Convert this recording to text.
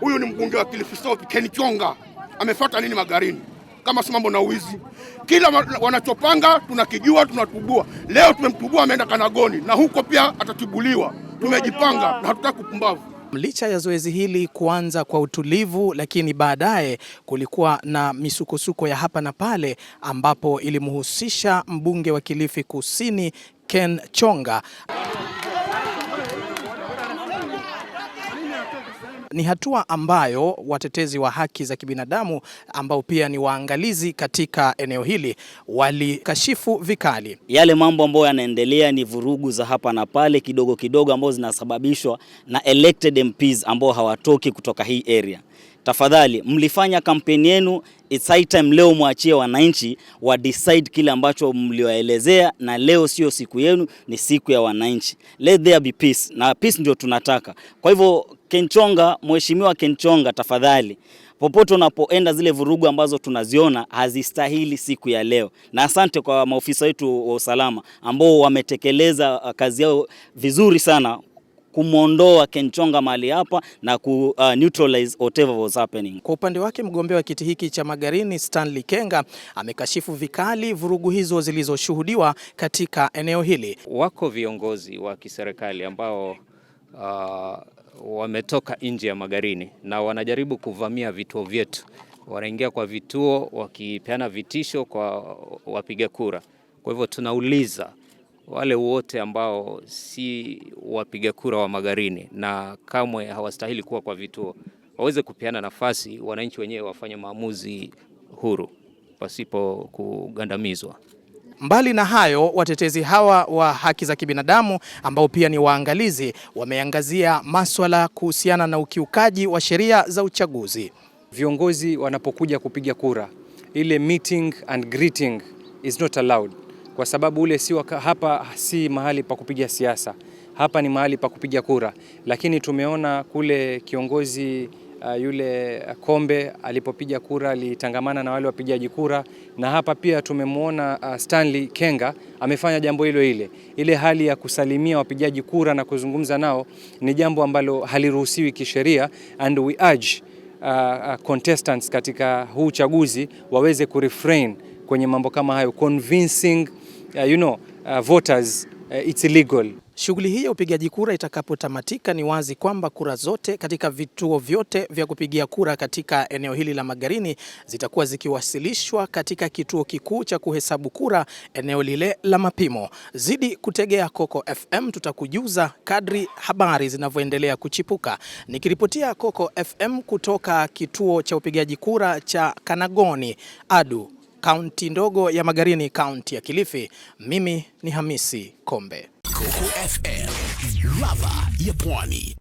huyu ni mbunge wa Kilifi Ken Chonga amefuata nini Magarini? Kama si mambo na uwizi, kila wanachopanga tunakijua, tunatubua. Leo tumemtubua, ameenda Kanagoni na huko pia atatibuliwa. Tumejipanga na hatutaki kupumbavu. Licha ya zoezi hili kuanza kwa utulivu, lakini baadaye kulikuwa na misukosuko ya hapa na pale, ambapo ilimhusisha mbunge wa Kilifi Kusini Ken Chonga. Ni hatua ambayo watetezi wa haki za kibinadamu ambao pia ni waangalizi katika eneo hili walikashifu vikali. Yale mambo ambayo yanaendelea ni vurugu za hapa na pale kidogo kidogo, ambazo zinasababishwa na elected MPs ambao hawatoki kutoka hii area tafadhali mlifanya kampeni yenu, it's high time leo mwachie wananchi wa decide kile ambacho mliwaelezea, na leo sio siku yenu, ni siku ya wananchi. Let there be peace, na peace ndio tunataka. Kwa hivyo Kenchonga, mheshimiwa Kenchonga, tafadhali popote unapoenda, zile vurugu ambazo tunaziona hazistahili siku ya leo. Na asante kwa maofisa wetu wa usalama ambao wametekeleza uh, kazi yao vizuri sana kumwondoa Kenchonga mahali hapa na ku uh, neutralize whatever was happening. Kwa upande wake mgombea wa kiti hiki cha Magarini Stanley Kenga amekashifu vikali vurugu hizo zilizoshuhudiwa katika eneo hili. Wako viongozi wa kiserikali ambao uh, wametoka nje ya Magarini na wanajaribu kuvamia vituo vyetu, wanaingia kwa vituo wakipeana vitisho kwa wapiga kura. Kwa hivyo tunauliza wale wote ambao si wapiga kura wa Magarini na kamwe hawastahili kuwa kwa vituo waweze kupeana nafasi, wananchi wenyewe wafanye maamuzi huru pasipo kugandamizwa. Mbali na hayo, watetezi hawa wa haki za kibinadamu ambao pia ni waangalizi wameangazia maswala kuhusiana na ukiukaji wa sheria za uchaguzi. Viongozi wanapokuja kupiga kura, ile meeting and greeting is not allowed kwa sababu ule si waka, hapa si mahali pa kupiga siasa, hapa ni mahali pa kupiga kura. Lakini tumeona kule kiongozi uh, yule uh, Kombe alipopiga kura alitangamana na wale wapigaji kura, na hapa pia tumemwona uh, Stanley Kenga amefanya jambo hilo ile ile. Hali ya kusalimia wapigaji kura na kuzungumza nao ni jambo ambalo haliruhusiwi kisheria, and we urge uh, uh contestants katika huu uchaguzi waweze kurefrain kwenye mambo kama hayo convincing uh, you know, uh, voters uh, it's illegal. Shughuli hii ya upigaji kura itakapotamatika, ni wazi kwamba kura zote katika vituo vyote vya kupigia kura katika eneo hili la Magarini zitakuwa zikiwasilishwa katika kituo kikuu cha kuhesabu kura eneo lile la Mapimo. Zidi kutegea Coco FM, tutakujuza kadri habari zinavyoendelea kuchipuka. Nikiripotia Coco FM kutoka kituo cha upigaji kura cha Kanagoni Adu kaunti ndogo ya Magarini, kaunti ya Kilifi. Mimi ni Hamisi Kombe, Coco FM, ladha ya Pwani.